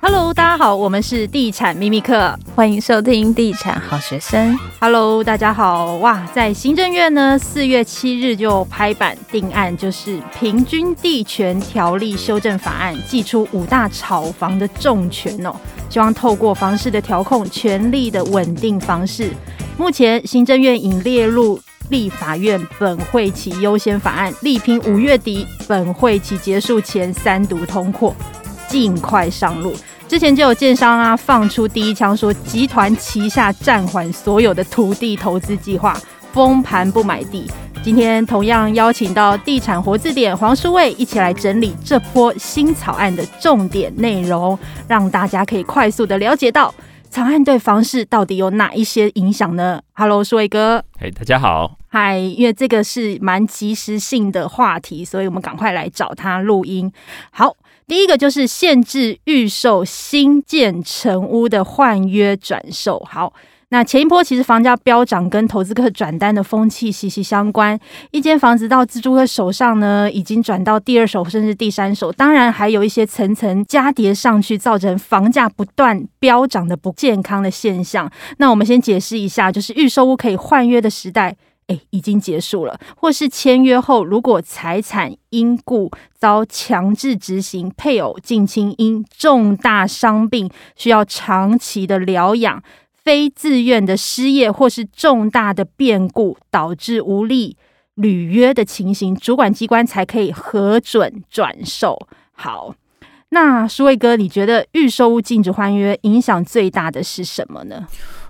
Hello，大家好，我們是地產秘密客，歡迎收聽地產好學生。Hello，大家好，哇，在行政院呢，四月七日就拍板定案，就是《平均地權條例修正法案》，祭出五大炒房的重拳哦，希望透過房市的調控，全力的穩定房市。目前，行政院已列入立法院本會期優先法案，力拼五月底本會期結束前三讀通過。儘快上路。之前就有建商啊，放出第一槍，說集團旗下暫緩所有的土地投資計劃，封盤不買地。今天同樣邀請到地產活字典黃舒衛一起來整理這波新草案的重點內容，讓大家可以快速的了解到草案對房市到底有哪一些影響呢？Hello，舒衛哥，嘿，大家好，嗨，因為這個是蠻及時性的話題，所以我們趕快來找他錄音，好。第一個就是限制預售新建成屋的換約轉售。好，那前一波其實房價飆漲跟投資客轉單的風氣息息相關。一間房子到自住客手上呢，已經轉到第二手甚至第三手，當然還有一些層層加疊上去，造成房價不斷飆漲的不健康的現象。那我們先解釋一下，就是預售屋可以換約的時代。誒，已經結束了，或是簽約後，如果財產因故遭強制執行，配偶、近親因重大傷病需要長期的療養，非自願的失業，或是重大的變故導致無力履約的情形，主管機關才可以核准轉售。好，那舒衛哥，你覺得預售物禁止換約影響最大的是什麼呢？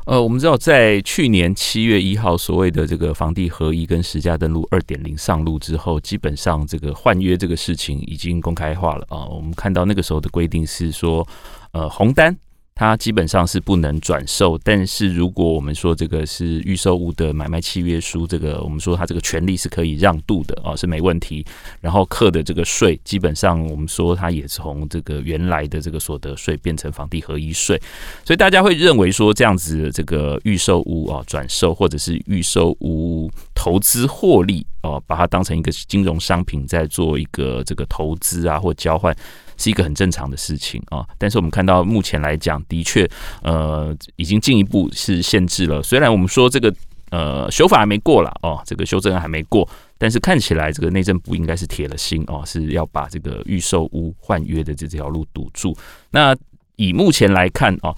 呃，我們知道在去年七月一號，所謂的這個房地合一跟實價登錄二點零上路之後，基本上這個換約這個事情已經公開化了啊，呃。我們看到那個時候的規定是說，呃，紅單。它基本上是不能轉售，但是如果我們說這個是預售屋的買賣契約書，這個我們說它這個權利是可以讓渡的啊、哦，是沒問題。然後課的這個稅，基本上我們說它也從這個原來的這個所得稅變成房地合一稅，所以大家會認為說，這樣子的這個預售屋啊哦、轉售或者是預售屋。投資獲利哦，把它當成一個金融商品，在做一個這個投資啊，或交換，是一個很正常的事情啊。但是我們看到目前來講，的確呃，已經進一步是限制了。雖然我們說這個呃修法還沒過了哦，這個修正案還沒過，但是看起來這個內政部應該是鐵了心哦，是要把這個預售屋換約的這條路堵住。那以目前來看哦。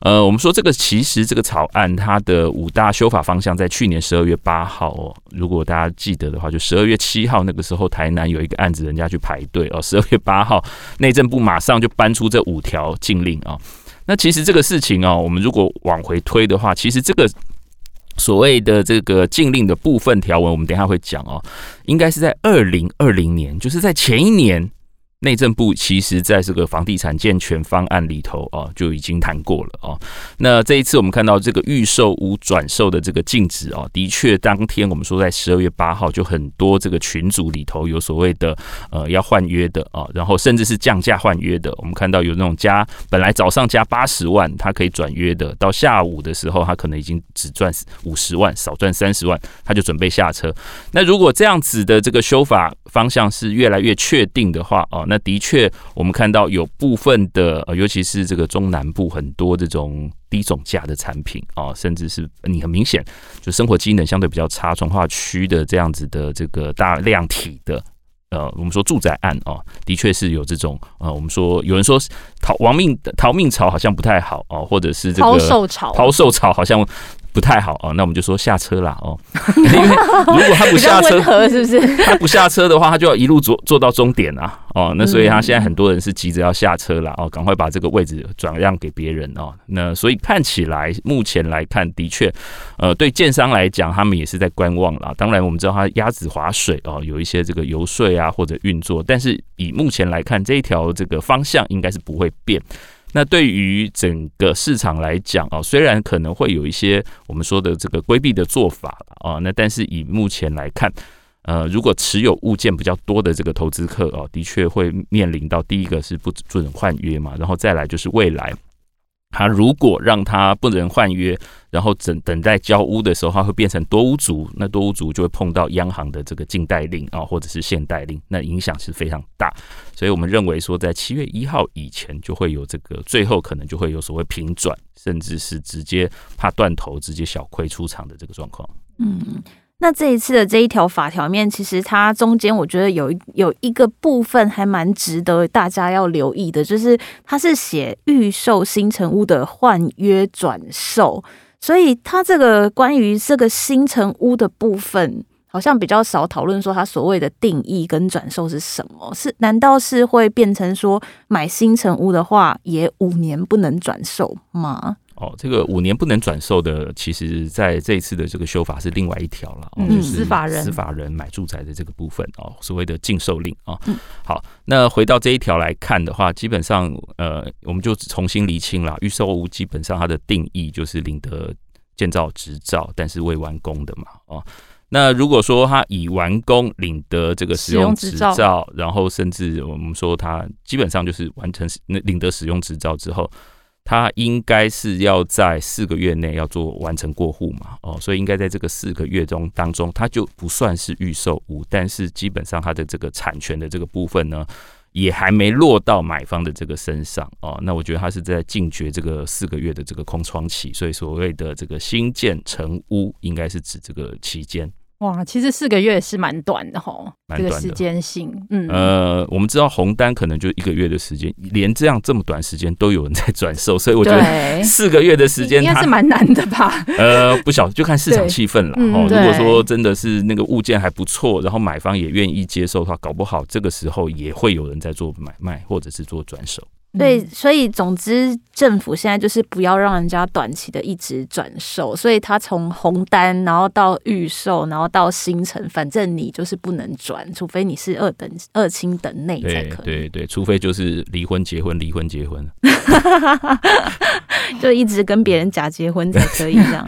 呃，我們說這個其實這個草案它的五大修法方向，在去年十二月八號哦，如果大家記得的話，就十二月七號那個時候台南有一個案子，人家去排隊哦，十二月八號內政部馬上就搬出這五條禁令啊。那其實這個事情啊，我們如果往回推的話，其實這個所謂的這個禁令的部分條文，我們等一下會講哦，應該是在二零二零年，就是在前一年。內政部其實在這個房地產健全方案裡頭啊，就已經談過了啊。那這一次我們看到這個預售屋轉售的這個禁止啊，的確當天我們說在十二月八號就很多這個群組裡頭有所謂的呃，要換約的啊，然後甚至是降價換約的。我們看到有那種加本來早上加八十萬他可以轉約的，到下午的時候他可能已經只賺五十萬，少賺三十萬，他就準備下車。那如果這樣子的這個修法方向是越來越確定的話啊，那的確，我們看到有部分的，呃，尤其是這個中南部很多這種低總價的產品啊、呃，甚至是你很明顯，就生活機能相對比較差，重劃區的這樣子的這個大量體的，呃，我們說住宅案啊、呃，的確是有這種呃，我們說有人說是逃亡命逃命潮好像不太好啊、呃，或者是這個拋售潮，拋售潮好像。不太好啊，那我們就說下車了哦。 因為如果他不下車，是不是他不下車的話，他就要一路坐坐到終點啊？哦，那所以他現在很多人是急着要下車了哦，趕快把這個位置轉讓給別人哦。那所以看起來目前來看，的確，呃，對建商來講，他們也是在觀望了。當然，我們知道他鴨子划水哦，有一些這個遊說啊或者運作，但是以目前來看，這一條這個方向應該是不會變。那對於整個市場來講啊，雖然可能會有一些我們說的這個規避的做法啊，啊，那但是以目前來看，呃，如果持有物件比較多的這個投資客啊，的確會面臨到第一個是不准換約嘛，然後再來就是未來。他如果讓他不能換約，然後等等待交屋的時候，他會變成多屋族。那多屋族就會碰到央行的這個禁貸令啊、哦，或者是限貸令，那影響是非常大。所以我們認為說，在七月一號以前，就會有這個最後可能就會有所謂平轉，甚至是直接怕斷頭，直接小虧出場的這個狀況。嗯。那這一次的這一條法條面，其實它中間我覺得有有一個部分還蠻值得大家要留意的，就是它是寫預售新成屋的換約轉售，所以它這個關於這個新成屋的部分，好像比較少討論說它所謂的定義跟轉售是什麼？是難道是會變成說買新成屋的話，也五年不能轉售嗎？哦，這個五年不能轉售的，其實在這一次的這個修法是另外一條了，嗯，司法人、司法人買住宅的這個部分哦，所謂的禁售令啊。哦、嗯，好，那回到這一條來看的話，基本上呃，我們就重新釐清了，預售屋基本上它的定義就是領得建造執照但是未完工的嘛。哦，那如果說它已完工，領得這個使用執照，然後甚至我們說它基本上就是完成那領得使用執照之後。它應該是要在四個月內要做完成過戶嘛，哦，所以應該在這個四個月中當中，它就不算是預售屋，但是基本上它的這個產權的這個部分呢，也還沒落到買方的這個身上，哦，那我覺得它是在禁絕這個四個月的這個空窗期，所以所謂的這個新建成屋，應該是指這個期間。哇，其實四個月是蠻短的齁，的這個時間性，嗯，呃，我們知道紅單可能就一個月的時間，連這樣這麼短時間都有人在轉售，所以我覺得四個月的時間應該是蠻難的吧。呃，不曉得，就看市場氣氛了。哦，嗯、如果說真的是那個物件還不錯，然後買方也願意接受的話，搞不好這個時候也會有人在做買賣，或者是做轉手。對，所以總之，政府現在就是不要讓人家短期的一直轉售，所以他從紅單，然後到預售，然後到新城，反正你就是不能轉，除非你是二等二親等內才可以。對對，對，除非就是離婚、結婚、離婚、結婚， 就一直跟別人假結婚才可以這樣。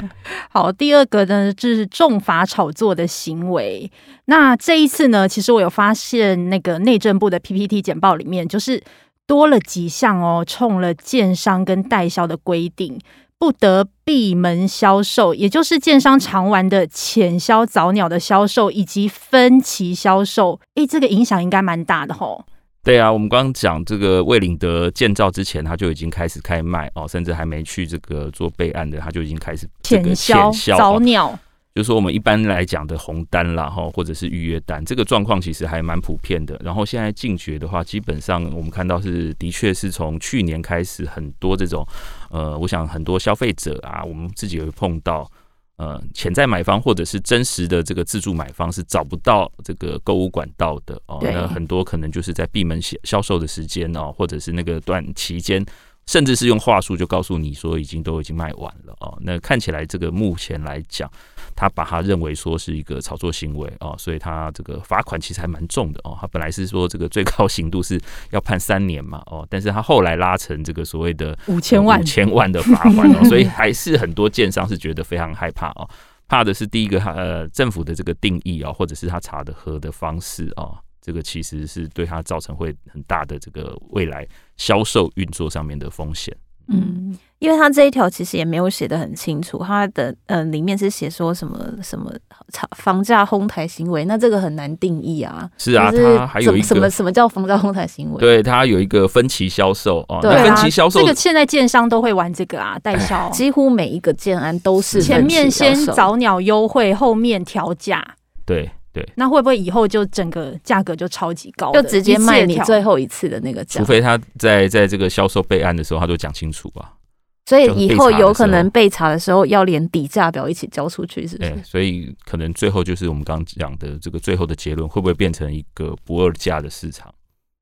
好，第二個呢，就是重罰炒作的行為。那這一次呢，其實我有發現那個內政部的 PPT 簡報裡面就是。多了幾項哦，衝了建商跟代銷的規定，不得閉門銷售，也就是建商常玩的潛銷、早鳥的銷售以及分期銷售。哎、欸，這個影響應該蠻大的哦。對啊，我們剛剛講這個未領得建照之前，他就已經開始開賣哦，甚至還沒去這個做備案的，他就已經開始潛銷、早鳥。就是說，我們一般來講的紅單啦，哈，或者是預約單，這個狀況其實還蠻普遍的。然後現在進去的話，基本上我們看到是的確是從去年開始，很多這種，呃，我想很多消費者啊，我們自己會碰到，呃，潛在買方或者是真實的這個自住買方是找不到這個購物管道的哦。那很多可能就是在閉門銷銷售的時間哦，或者是那個段期間。甚至是用話術就告訴你說已經都已經賣完了哦，那看起來這個目前來講，他把他認為說是一個炒作行為哦，所以他這個罰款其實還蠻重的哦，他本來是說這個最高刑度是要判三年嘛哦，但是他後來拉成這個所謂的五千萬、呃、五千萬的罰款哦，所以還是很多建商是覺得非常害怕哦， 怕的是第一個他呃政府的這個定義啊、哦，或者是他查的核的方式啊、哦。這個其實是對它造成會很大的這個未來銷售運作上面的風險。嗯，因為它這一條其實也沒有寫得很清楚，它的嗯、呃、裡面是寫說什麼什麼房房價哄抬行為，那這個很難定義啊。是啊，它是還有一個什麼什麼，什麼叫房價哄抬行為，啊？對，它有一個分期銷售、哦、對啊，分期銷售這個現在建商都會玩這個啊，代銷、哎、呀幾乎每一個建案都是分期銷售。前面先早鳥優惠，後面調價。對。對，那會不會以後就整個價格就超級高，就直接賣你最後一次的那個價？除非他在在這個銷售備案的時候，他都講清楚吧。所以以，所以以後有可能被查的時候要連底價表一起交出去，是不是？所以可能最後就是我們剛講的這個最後的結論，會不會變成一個不二價的市場？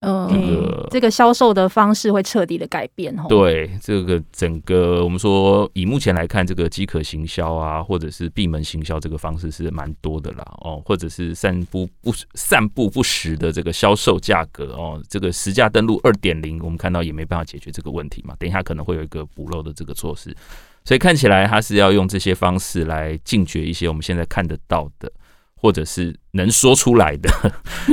嗯，嗯，這個銷售的方式會徹底的改變，對，這個整個我們說，以目前來看，這個飢渴行銷啊，或者是閉門行銷這個方式是蠻多的啦，哦，或者是散布不散布不實的這個銷售價格哦，這個實價登錄二點零，我們看到也沒辦法解決這個問題嘛。等一下可能會有一個補漏的這個措施，所以看起來他是要用這些方式來禁絕一些我們現在看得到的。或者是能說出來的，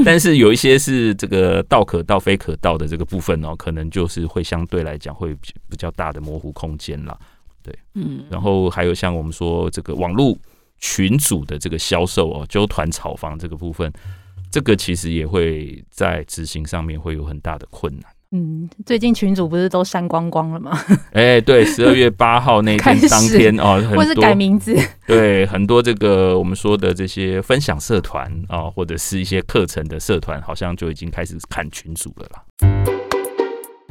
但是有一些是這個道可道非可道的這個部分哦，可能就是會相對來講會比較大的模糊空間啦，對，嗯，然後還有像我們說這個網絡群組的這個銷售哦，揪團炒房這個部分，這個其實也會在執行上面會有很大的困難。嗯，最近群組不是都刪光光了嗎？哎，欸，對，十二月八號那天 始當天哦，或是改名字，對，很多這個我們說的這些分享社團啊，哦，或者是一些課程的社團，好像就已經開始砍群組了啦。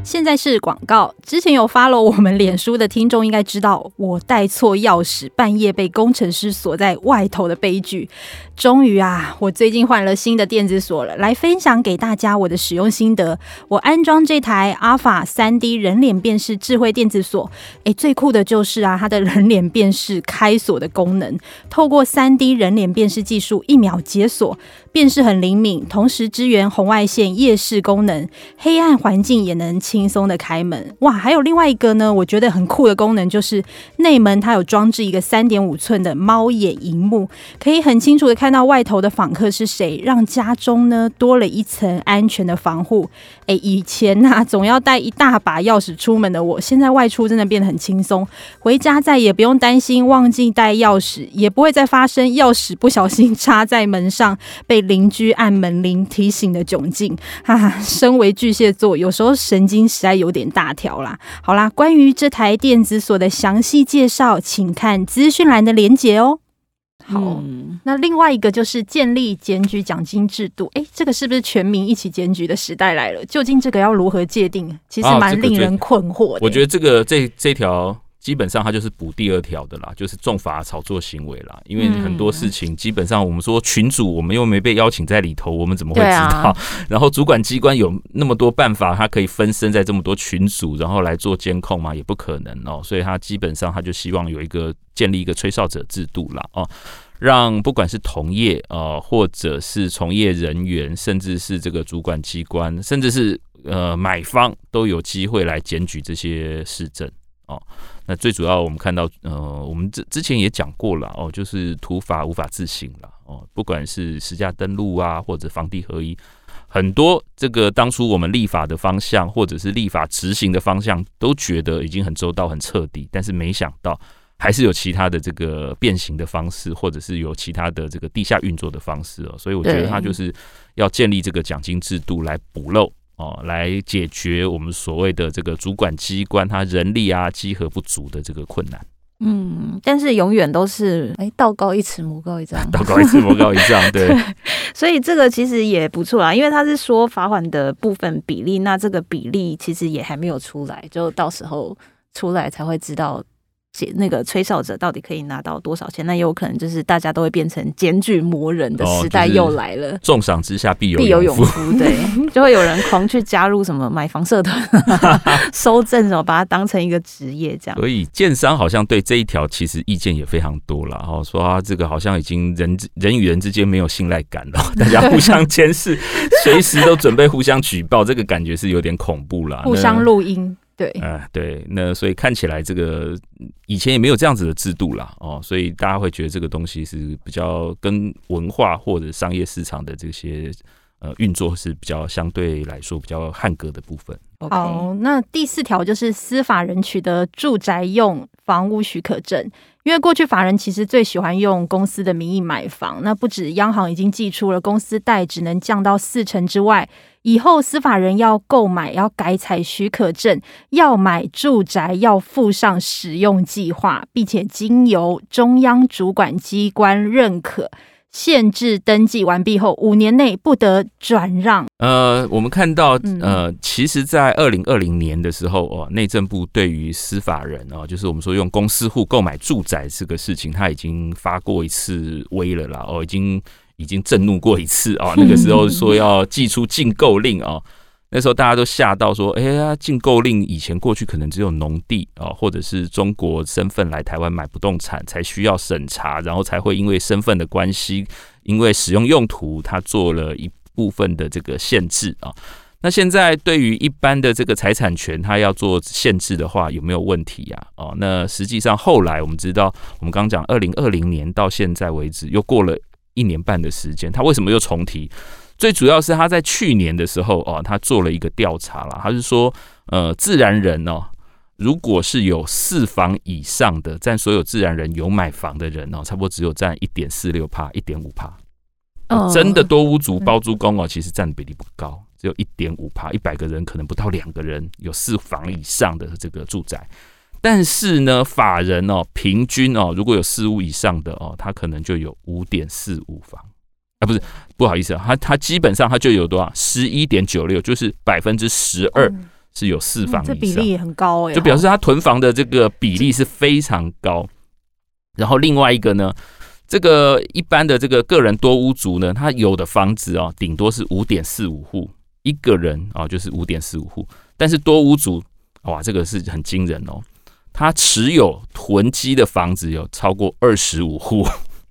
現在是廣告。之前有發了，我們臉書的聽眾應該知道，我帶錯鑰匙，半夜被工程師鎖在外頭的悲劇。終於啊，我最近換了新的電子鎖了，來分享給大家我的使用心得。我安裝這台 Arpha 3D 人臉辨識智慧電子鎖，誒，最酷的就是啊，它的人臉辨識開鎖的功能，透過 3D 人臉辨識技術，一秒解鎖。辨識很靈敏，同時支援紅外線夜視功能，黑暗環境也能輕鬆的開門。哇，還有另外一個呢，我覺得很酷的功能就是內門它有裝置一個三點五寸的貓眼熒幕，可以很清楚的看到外頭的訪客是誰，讓家中呢多了一層安全的防護。欸，以前吶、啊，總要帶一大把鑰匙出門的我，現在外出真的變得很輕鬆，回家再也不用擔心忘記帶鑰匙，也不會再發生鑰匙不小心插在門上被。鄰居按門鈴提醒的窘境，哈哈，身為巨蟹座，有時候神經實在有點大條啦。好啦，關於這台電子鎖的詳細介紹，請看資訊欄的連結哦、喔。好、嗯，那另外一個就是建立檢舉獎金制度，哎、欸，這個是不是全民一起檢舉的時代來了？究竟這個要如何界定？其實蠻、啊這個、令人困惑的、欸。我覺得這個這這條。基本上他就是補第二條的啦，就是重罰炒作行為啦。因為很多事情基本上我們說群主，我們又沒被邀請在裡頭，我們怎麼會知道？然後主管機關有那麼多辦法，它可以分身在這麼多群組，然後來做監控嘛？也不可能哦、喔，所以他基本上他就希望有一個建立一個吹哨者制度啦，哦，讓不管是同業啊、呃，或者是從業人員，甚至是這個主管機關，甚至是呃買方都有機會來檢舉這些事證哦、喔。那最主要，我們看到，呃，我們之之前也講過了哦，就是土法無法自行了哦，不管是實價登錄啊，或者房地合一，很多這個當初我們立法的方向，或者是立法執行的方向，都覺得已經很周到、很徹底，但是沒想到還是有其他的這個變形的方式，或者是有其他的這個地下運作的方式哦，所以我覺得他就是要建立這個獎金制度來補漏。哦，來解決我們所謂的這個主管機關他人力啊，稽核不足的這個困難。嗯，但是永遠都是哎，道高一尺，魔高一丈。 道高一尺，魔高一丈，對，對。所以這個其實也不錯啊，因為他是說罰款的部分比例，那這個比例其實也還沒有出來，就到時候出來才會知道。那個吹哨者到底可以拿到多少錢？那也有可能就是大家都會變成檢舉魔人的時代又來了。哦就是、重賞之下必有必有勇夫，對，就會有人狂去加入什麼買房社團 收證，什麼把它當成一個職業這樣。 所以建商好像對這一條其實意見也非常多啦，哈、哦，說他、啊、這個好像已經人人與人之間沒有信賴感了，大家互相監視，隨對 時都準備互相舉報， 這個感覺是有點恐怖啦。互相錄音。對，嗯、呃，對，那所以看起來這個以前也沒有這樣子的制度啦，哦，所以大家會覺得這個東西是比較跟文化或者商業市場的這些呃運作是比較相對來說比較漢格的部分。好，那第四條就是私法人取得住宅用房屋許可證，因為過去法人其實最喜歡用公司的名義買房，那不止央行已經祭出了公司貸只能降到四成之外。以後，私法人要購買，要改採許可證，要買住宅，要附上使用計劃，並且經由中央主管機關認可，限制登記完畢後五年內不得轉讓。呃，我們看到，嗯、呃，其實，在二零二零年的時候，哦，內政部對於私法人，哦，就是我們說用公司戶購買住宅這個事情，他已經發過一次威了啦，哦，已經。已經震怒過一次啊、哦！那個時候說要祭出禁購令啊、哦，那時候大家都嚇到說：“哎呀，啊、禁購令以前過去可能只有農地啊、哦，或者是中國身份來台灣買不動產才需要審查，然後才會因為身份的關係，因為使用用途，他做了一部分的這個限制啊、哦。那現在對於一般的這個財產權，它要做限制的話，有沒有問題呀、啊？哦，那實際上後來我們知道，我們剛講二零二零年到現在為止，又過了一年半的時間，他為什麼又重提？最主要是他在去年的時候啊、哦，他做了一個調查了，他是說，呃，自然人哦，如果是有四房以上的，占所有自然人有買房的人哦，差不多只有占一點四六趴、一點五趴。真的多屋主包租公哦，嗯、其實占的比例不高，只有一點五趴，一百個人可能不到兩個人有四房以上的這個住宅。但是呢，法人哦，平均哦，如果有四屋以上的哦，他可能就有五點四五房。啊不是，不好意思啊，他他基本上他就有多少？十一點九六，96，就是百分之十二是有四房、嗯嗯，這比例很高哎、欸，就表示他囤房的這個比例是非常高。嗯、然後另外一個呢，這個一般的這個個人多屋族呢，他有的房子哦，頂多是五點四五戶一個人哦，就是五點四五戶，但是多屋族哇，這個是很驚人哦。他持有囤積的房子有超過二十五戶，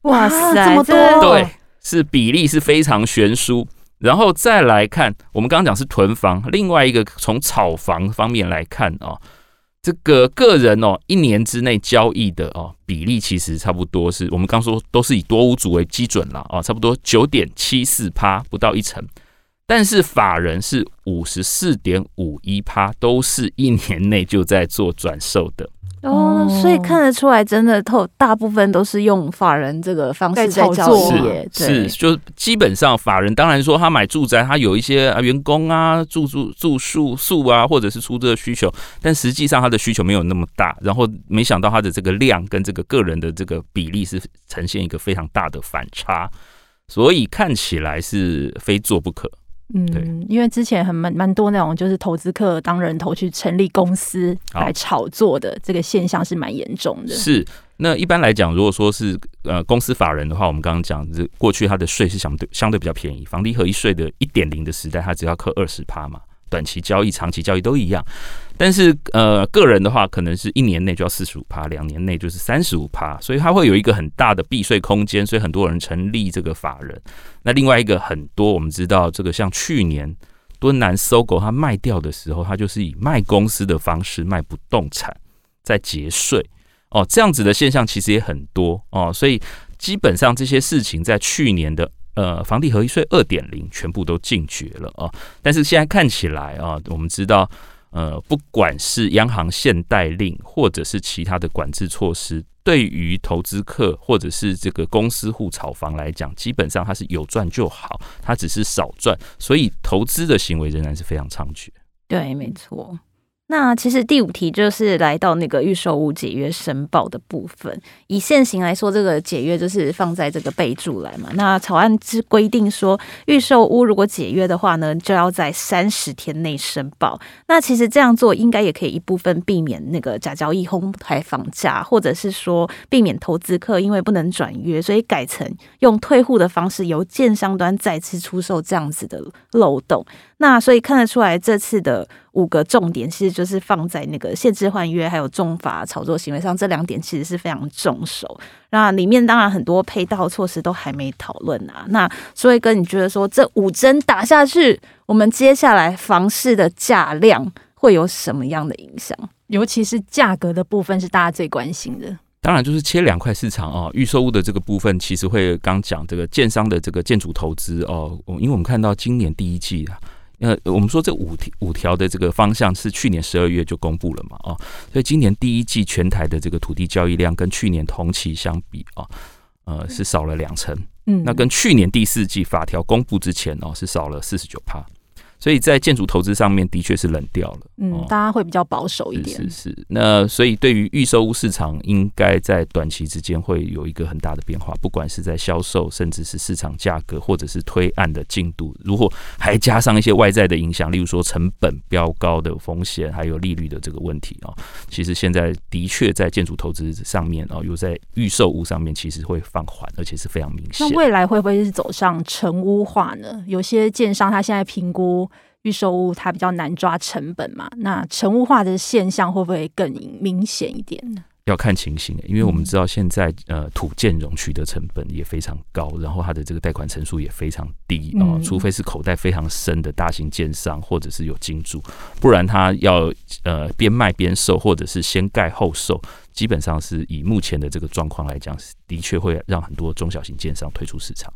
哇塞，這麼多？對，是比例是非常懸殊。然後再來看，我們剛剛講是囤房，另外一個從炒房方面來看哦。這個個人哦，一年之內交易的哦比例其實差不多是我們剛說都是以多屋主為基準了啊、哦，差不多九點七四趴，不到一成，但是法人是五十四點五一趴，都是一年內就在做轉售的。哦，oh, 所以看得出來，真的透大部分都是用法人這個方式在操作。oh. 是，是是，就基本上法人當然說他買住宅，他有一些啊員工啊住住住宿宿啊，或者是出租的需求，但實際上他的需求沒有那麼大，然後沒想到他的這個量跟這個個人的這個比例是呈現一個非常大的反差，所以看起來是非做不可。嗯，因為之前很蠻蠻多那種就是投資客當人頭去成立公司來炒作的好這個現象是蠻嚴重的。是，那一般來講，如果說是呃公司法人的話，我們剛剛講這過去它的稅是相對相對比較便宜，房地合一稅的一點零的時代，它只要課二十趴嘛，短期交易、長期交易都一樣。但是呃，個人的話，可能是一年內就要四十五趴，兩年內就是三十五趴，所以它會有一個很大的避稅空間，所以很多人成立這個法人。那另外一個很多我們知道，這個像去年敦南 SOGO 它賣掉的時候，它就是以賣公司的方式賣不動產，在節稅哦，這樣子的現象其實也很多哦，所以基本上這些事情在去年的呃房地合一稅二點零全部都禁絕了哦。但是現在看起來啊、哦，我們知道。呃，不管是央行限貸令，或者是其他的管制措施，對於投資客或者是這個公司戶炒房來講，基本上它是有賺就好，它只是少賺，所以投資的行為仍然是非常猖獗。對，沒錯。那其實第五題就是來到那個預售屋解約申報的部分。以現行來說，這個解約就是放在這個備註來嘛。那草案是規定說，預售屋如果解約的話呢，就要在三十天內申報。那其實這樣做應該也可以一部分避免那個假交易哄抬房價，或者是說避免投資客因為不能轉約，所以改成用退戶的方式由建商端再次出售這樣子的漏洞。那所以看得出來，這次的。五個重點其實就是放在那個限制換約還有重罰炒作行為上，這兩點其實是非常重手。那裡面當然很多配套措施都還沒討論啊。那所以哥舒衛哥，你覺得說這五針打下去，我們接下來房市的價量會有什麼樣的影響？尤其是價格的部分是大家最關心的。當然就是切兩塊市場啊、哦，預售屋的這個部分其實會剛講這個建商的這個建築投資哦，因為我們看到今年第一季啊。那我們說，這五條五條的這個方向是去年十二月就公布了嘛，哦，所以今年第一季全台的這個土地交易量跟去年同期相比啊，哦，呃是少了兩成，嗯，那跟去年第四季法條公布之前哦是少了四十九趴。所以在建築投資上面的確是冷掉了，嗯，大家會比較保守一點。哦、是,是是，那所以對於預售屋市場，應該在短期之間會有一個很大的變化，不管是在銷售，甚至是市場價格，或者是推案的進度。如果還加上一些外在的影響，例如說成本飆高的風險，還有利率的這個問題哦，其實現在的確在建築投資上面哦，又在預售屋上面，哦、上面其實會放緩，而且是非常明顯。那未來會不會是走上成屋化呢？有些建商他現在評估。預售屋它比較難抓成本嘛，那成屋化的現象會不會更明顯一點呢？要看情形，因為我們知道現在呃土建融取得成本也非常高，然後它的這個貸款成數也非常低啊、呃，除非是口袋非常深的大型建商或者是有金主，不然他要呃邊賣邊售或者是先蓋後售，基本上是以目前的這個狀況來講，的確會讓很多中小型建商退出市場。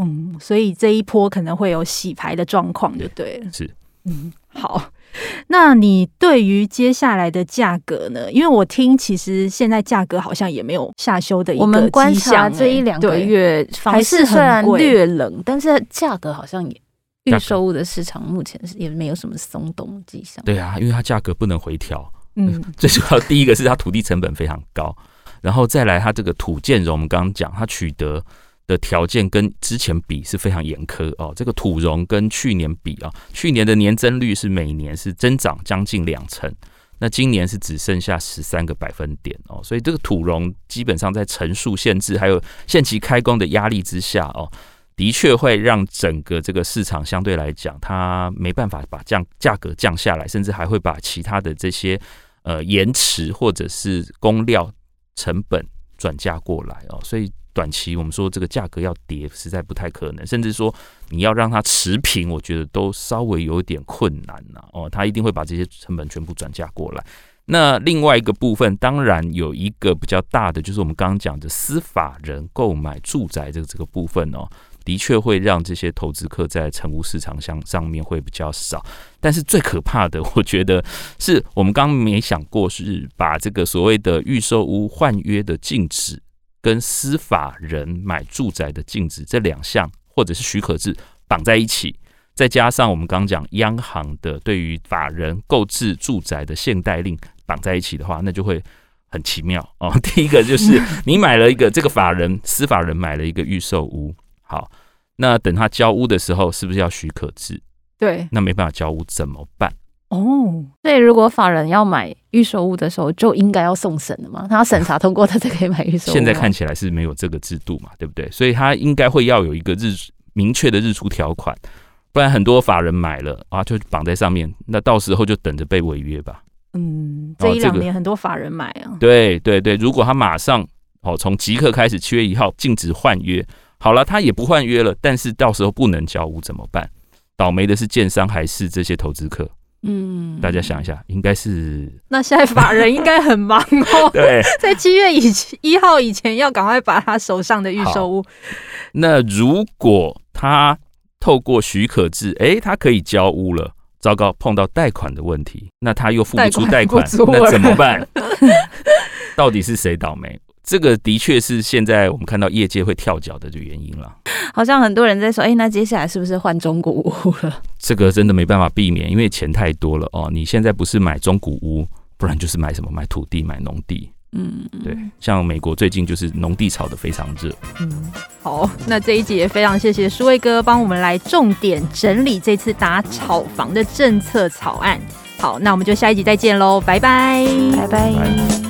嗯，所以這一波可能會有洗牌的狀況，就對了。對是，嗯，好。 那你對於接下來的價格呢？因為我聽，其實現在價格好像也沒有下修的一個跡象、欸、我們觀察這一兩個月，還對是雖然略冷，是格但是價格好像也預售屋的市場目前也沒有什麼鬆動跡象。對啊，因為它價格不能回調。嗯，最主要第一個是它土地成本非常高， 然後再來它這個土建融，我們剛剛講它取得。的條件跟之前比是非常嚴苛哦。這個土融跟去年比啊、哦，去年的年增率是每年是增長將近兩成，那今年是只剩下十三個百分點哦。所以這個土融基本上在成數限制還有限期開工的壓力之下哦，的確會讓整個這個市場相對來講，它沒辦法把降價格降下來，甚至還會把其他的這些呃延遲或者是工料成本轉嫁過來哦。所以。短期我們說這個價格要跌，實在不太可能，甚至說你要讓它持平，我覺得都稍微有一點困難了，啊。哦，它一定會把這些成本全部轉嫁過來。那另外一個部分，當然有一個比較大的，就是我們剛剛講的私法人購買住宅的這個部分哦，的確會讓這些投資客在成屋市場上上面會比較少。但是最可怕的，我覺得是我們剛剛沒想過是把這個所謂的預售屋換約的禁止。跟司法人買住宅的禁止這兩項，或者是許可制綁在一起，再加上我們剛講央行的對於法人購置住宅的限貸令綁在一起的話，那就會很奇妙哦。第一個就是你買了一個這個法人司法人買了一個預售屋，好，那等他交屋的時候，是不是要許可制？對，那沒辦法交屋怎麼辦？哦，所以如果法人要買預售屋的時候，就應該要送審的嘛。他要審查通過，他才可以買預售屋。現在看起來是沒有這個制度嘛，對不對？所以他應該會要有一個日明確的日出條款，不然很多法人買了啊，就綁在上面，那到時候就等着被違約吧。嗯，這一兩年很多法人買啊，哦這個。對對對，如果他馬上哦，從即刻開始七月一號禁止換約，好了，他也不換約了，但是到時候不能交屋怎麼辦？倒霉的是建商還是這些投資客？嗯，大家想一下，應該是。那現在法人應該很忙哦。 對，在七月以一號以前要趕快把他手上的預售屋。那如果他透過許可制，哎、欸，他可以交屋了。糟糕，碰到貸款的問題，那他又付不出貸款，貸款那怎麼辦？ 到底是誰倒霉？這個的確是現在我們看到業界會跳腳的這原因了，好像很多人在說，哎、欸，那接下來是不是換中古屋了？這個真的沒辦法避免，因為錢太多了哦。你現在不是買中古屋，不然就是買什麼，買土地、買農地。嗯嗯對，像美國最近就是農地炒得非常熱。嗯，好，那這一集也非常謝謝舒衛哥幫我們來重點整理這次打炒房的政策草案。好，那我們就下一集再見嘍，拜拜，拜拜。拜拜。